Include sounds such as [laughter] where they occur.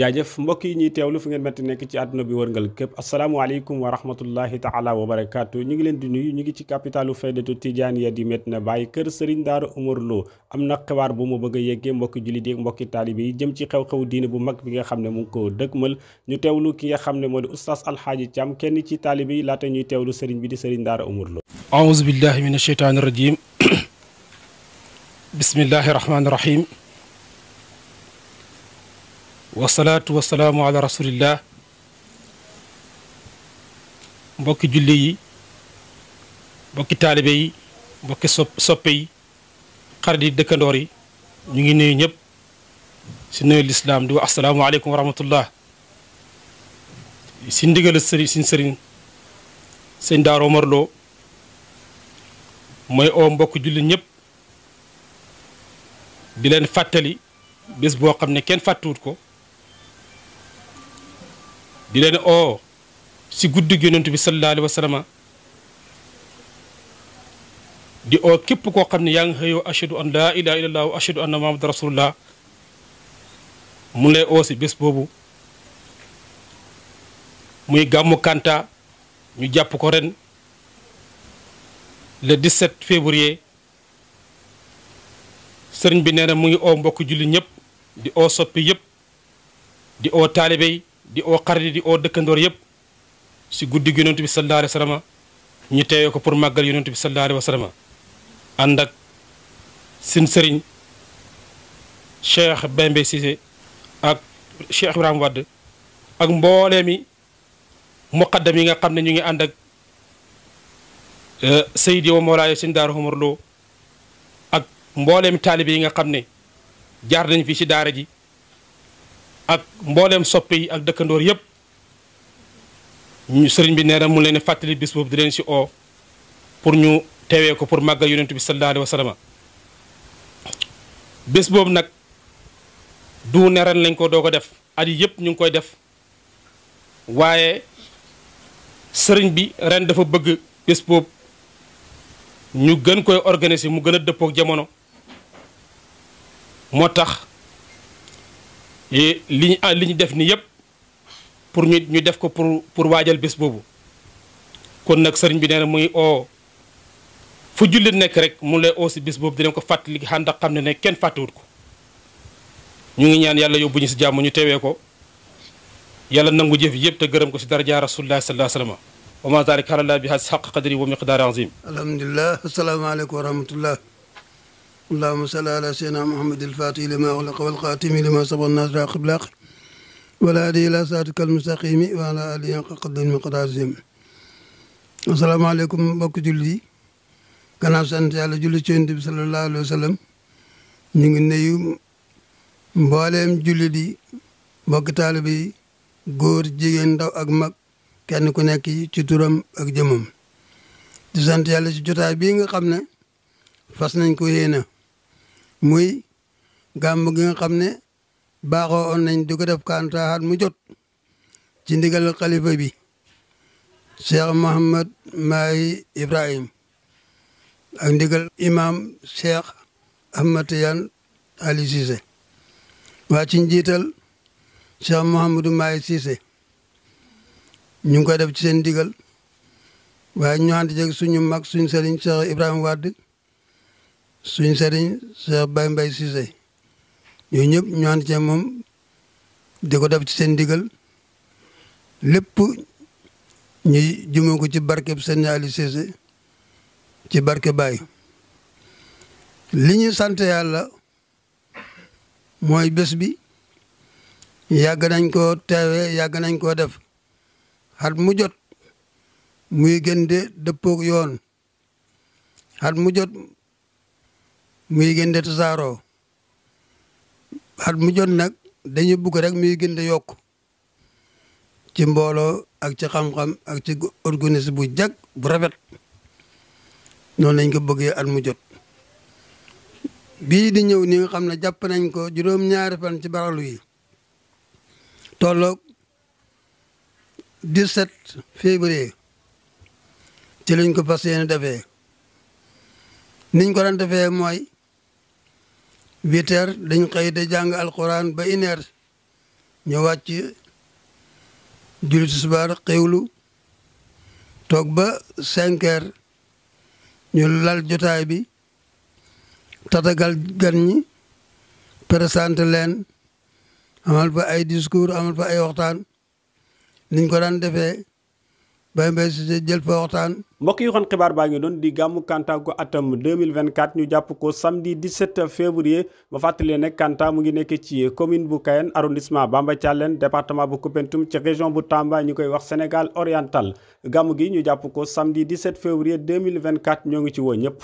jaajëf mbokk yi ñuy teewlu fi ngeen metti nekk ci àdduna bi wërngal képp asalaamaaleykum wa rahmatullahi taala wa barakaatu ñu ngi leen di nuyu ñu ngi ci capitalu faydatu tijaaniya di Medina Baye kër Serigne Darou Omar Lo am na xibaar bu ma bëgg a yeggee mbokki jullit yi mbokki taalibe yi jëm ci xew-xew diine bu mag bi nga xam ne mu ngi ko dëkkmal ñu teewlu ki nga xam ne moo di oustaz alxaaji Thiam kenn ci taalibe yi laata ñuy teewlu sëriñ bi di Serigne Darou Omar Lo aouzu billahi min acheytaani rajim [coughs] bismillahi rahmaani والصلاة والسلام على رسول الله بوكي جولي بوكي طالبي بوكي صوبي قردي دكنوري نيغي نيو نيب سي الاسلام دو السلام عليكم ورحمه الله سي ندغل سيري سين سيرين سين دار عمر لو موي او مبوك جولي نيب دي لين فاتالي بس بو خامني كين فاتوت كو di leen oo si guddig yonent bi sallallahu alayhi di oo képp koo xam ne yaa ngi xëyoo ashadu an laa ilaha illallah wa ashadu anna muhammad mu lay oo si bés boobu muy gàmmu kanta ñu jàpp ko ren le 17 février sëriñ bi nee na mu ngi oo mbokk julli ñëpp di oo soppi yëpp di oo taalibe di oo xarit di oo dëkkandoor yëpp si guddi gi yonent bi sallallahu alayhi wa ñu teewee ko pour màggal yonent bi sallallahu alayhi wa sallam ànd ak seen sëriñ Cheikh Bembe ak Cheikh Ibrahima Wade ak mboolee mi muqaddam yi nga xam ne ñu ngi ànd ak euh, Seydi wa Mawlaay seen Daara ak mboolee mi taalibe yi nga xam ne jaar nañ fii si daara ji ak mbollem soppe yi ak dëkkandoor yépp ñu serigne bi neena mu leen fatali bis boobu di leen ci o pour ñu teewee ko pour màggal yoonentou bi sallallahu alayhi wasallam bis nak du lañ ko dogo def adi yep ñu koy def waaye serigne bi ren dafa bëgg bis boobu ñu gën koy organiser mu gëna depp ak jamono motax li ñu ah, li ñu def nii yëpp pour ñu ñu def ko pour pour waajal bés boobu kon nag sëriñ bi nee na muy oo fu jullit nekk rek mu lay oo si bés boobu dinañ ko fàttali xànd ak xam ne ne kenn fàttewut ko ñu ngi ñaan yàlla yóbbu ñu si jàmm ñu teewee ko yàlla nangu jëf yëpp te gërëm ko si daraja rasulullah sallallahu alayhi wa sallam wa ma zalik xalala bi xaq qadri wa miqdaar azim alhamdulilah asalaamaaleykum wa rahmatullah اللهم صل على سيدنا محمد الفاتح لما أغلق والقاتم لما صبر الناس عقب الآخر ولا هدي إلى صراطك المستقيم وعلى آله قدم من قدرهم السلام عليكم بك جلدي كان سنت على جلد سيدنا صلى الله عليه وسلم نيغي نيو مبالم جلدي بك طالبي غور جيجن داو اك ماك كين كو نيك سي تورم اك جيمم دي سنت على سي جوتاي بيغا خامني فاس نانكو هنا muy gàmm gi nga xam ne baaxoo on nañ di ko def kantaaxaat mu jot ci ndigal xalifa bi cheikh mohamad maayi ibrahim ak ndigal imam cheikh ahmad tidiane ali cissé waa ci jiital cheikh mohamadou maayi cissé ñu ngi koy def ci seen ndigal waaye ñu ànd jeg suñu mag suñu sëriñ cheikh ibrahima wadd suñ sëriñ sa Baye Mbaye Cissé ñooñu ñëpp ñu ànd ci moom di ko def ci seen ndigal lépp ñu jëmee ko ci barkeb sëriñ Ali Cissé ci barke Baye. liñu ñu sant yàlla mooy bés bi yàgg nañ koo teewee yàgg nañ koo def at mu jot muy gën de dëppoog yoon at mu jot. mu gën di tasaaroo at mu jot nag dañu bugg rek muy gën di yokk ci mbooloo ak ci xam ak ci organisme bu jag bu rafet noonu lañ ko bëggee at mu jot bii di ñëw ni nga xam ne jàpp nañ ko juróom-ñaari fan ci baralu yi tolloog 17 février ci lañ ko fas yéene defee niñ ko daan defee mooy huit dañ xëy da jàng alquran ba une heure ñu wàcc julli tisbaar xewlu toog ba cinq ñu lal jotaay bi tatagal gan ñi présenté leen amal fa ay discours amal fa ay waxtaan niñ ko daan defee Baye Mbaye Cissé jël fa mbokk yi xoon xibaar baa ngi doon di gàmmu Kantaku vingt 2024 ñu jàpp ko samedi 17 février ma fàttali ne Kanta mu ngi nekk ci commune bu Kayen arrondissement Bamba Thialène département bu Koupentoum ci région bu Tamba ñu koy wax Sénégal oriental gàmmu gi ñu jàpp ko samedi mille vingt 2024 ñoo ngi ci woo ñëpp.